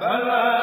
bala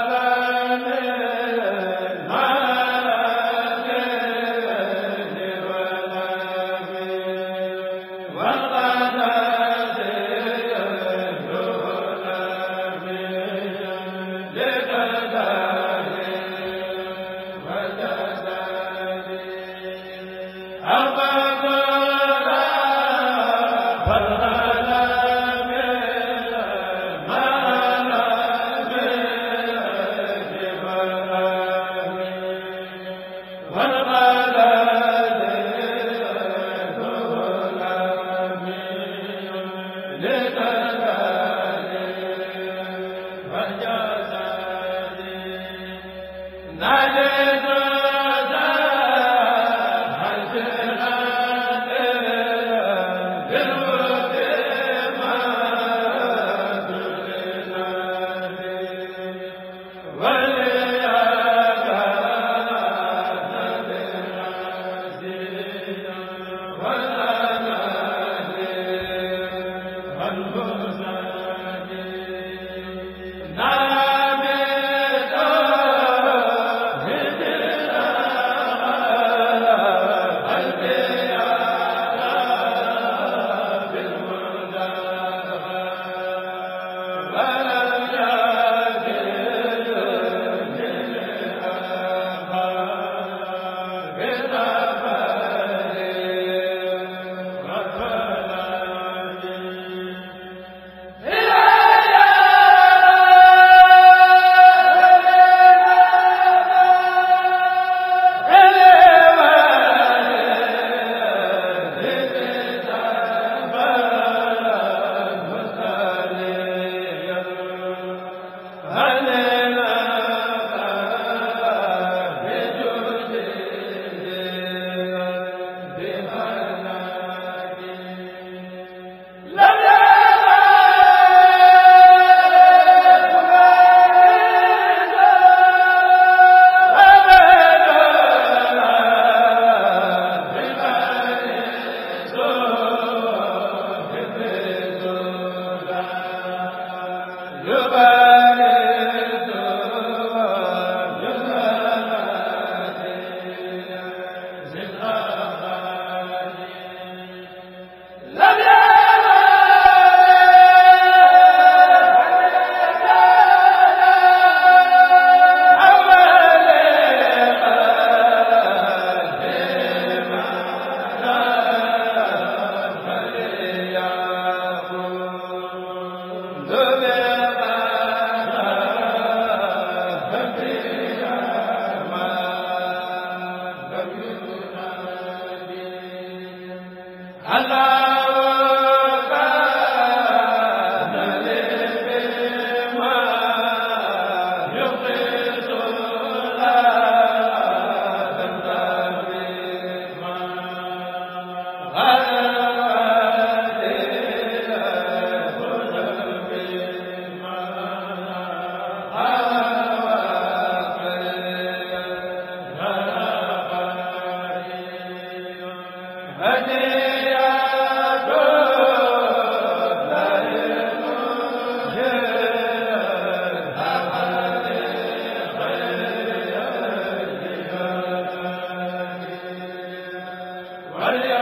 Hallelujah.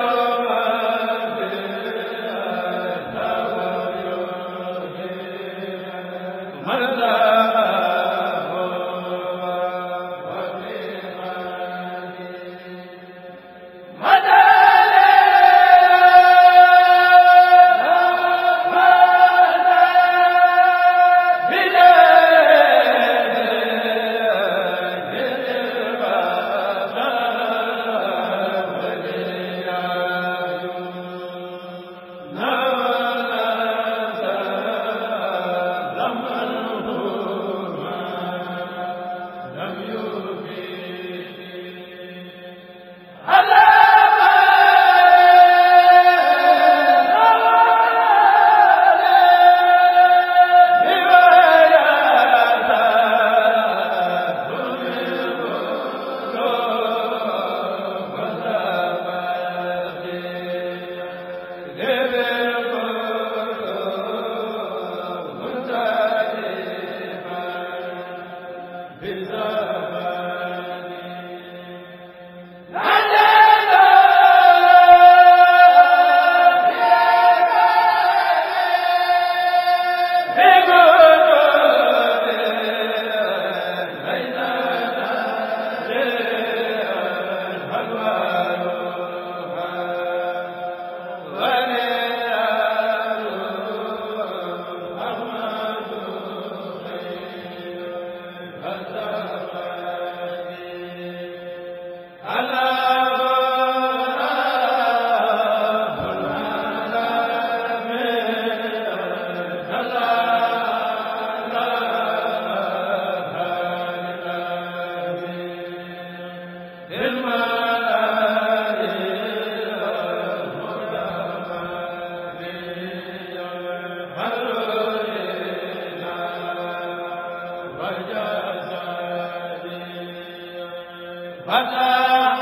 Bada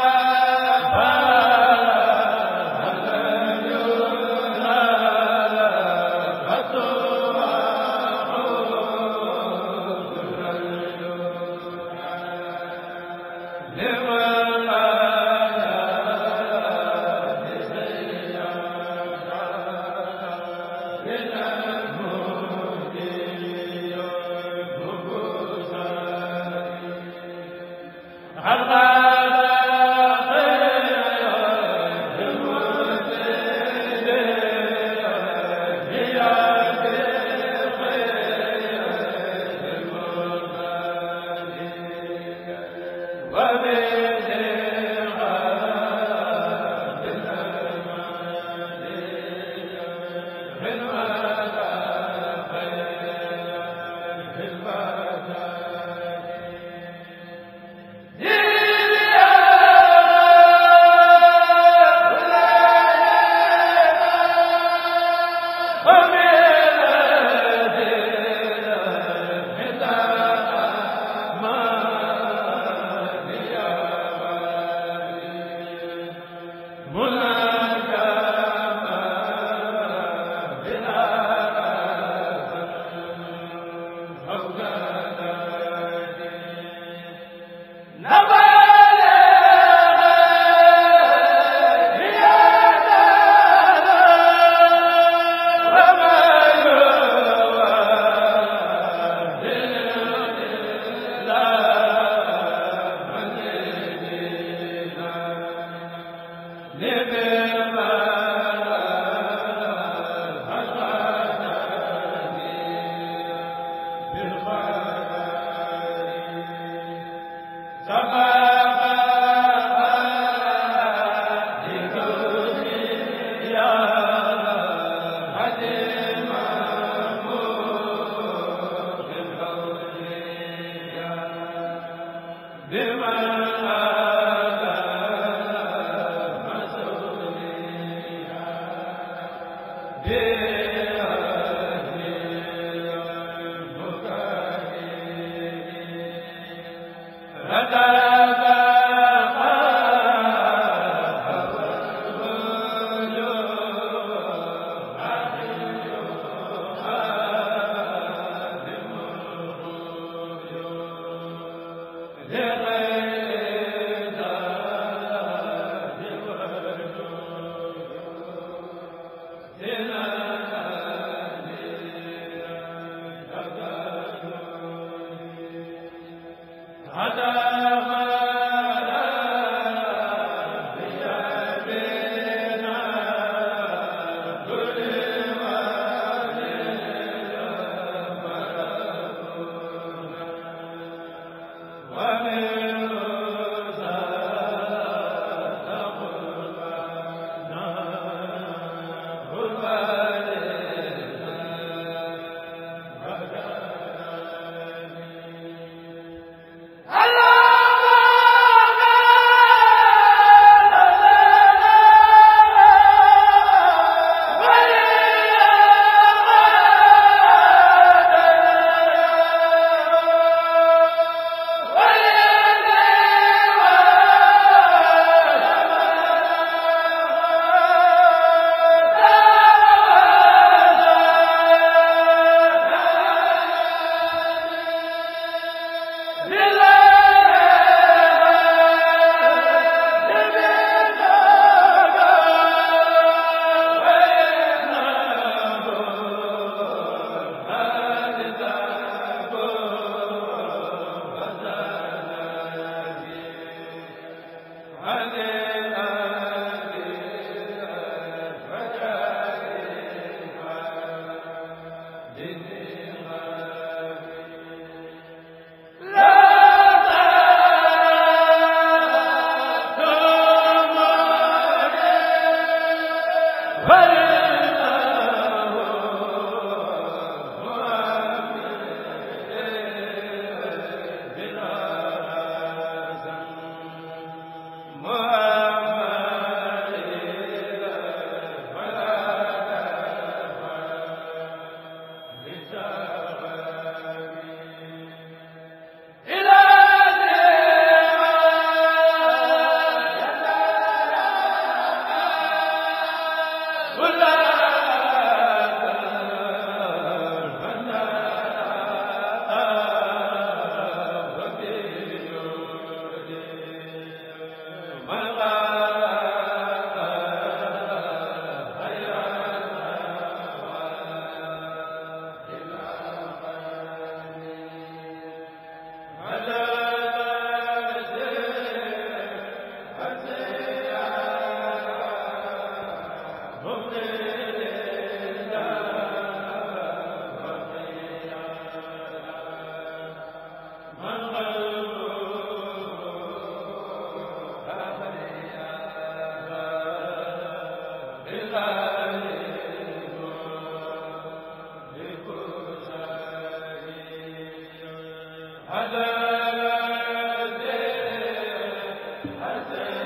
Yeah. la Amen.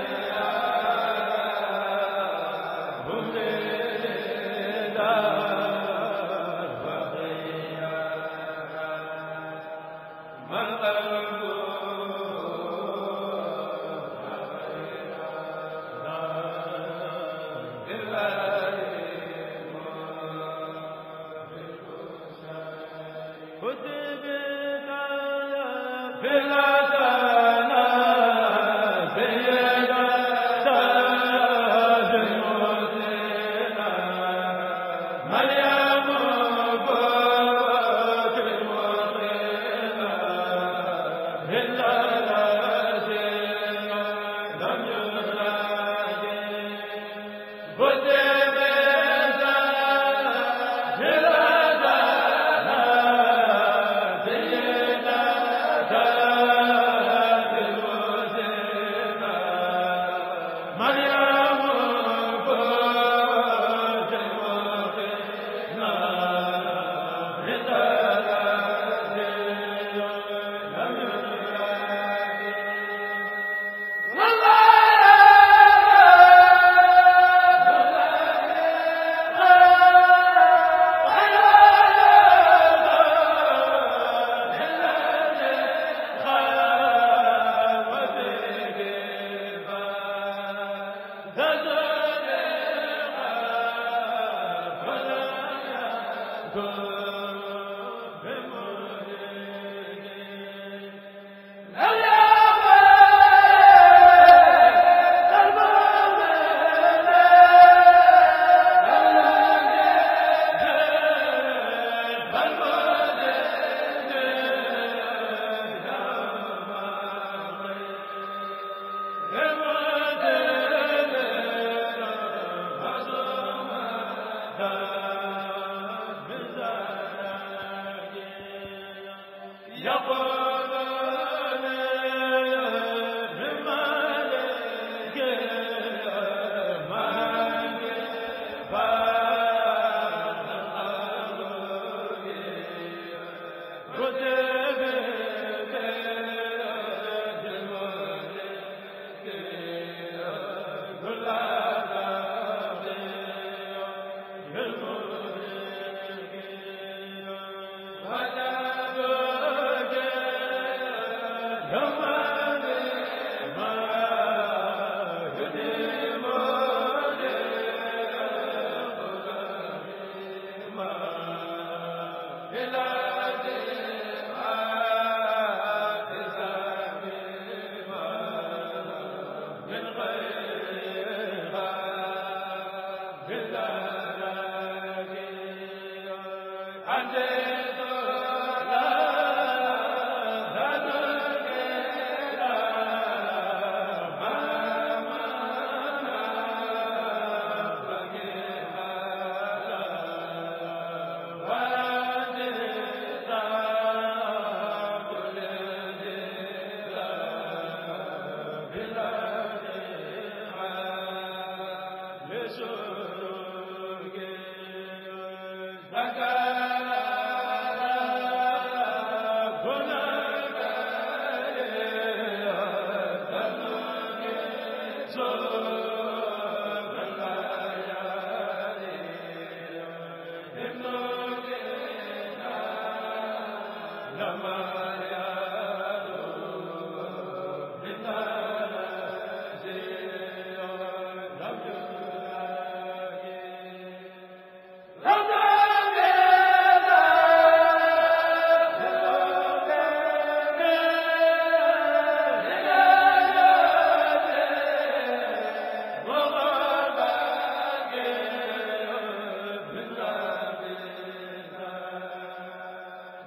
ma